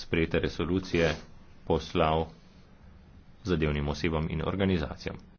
sprejete resolucije poslal zadevnim osebam in organizacijam.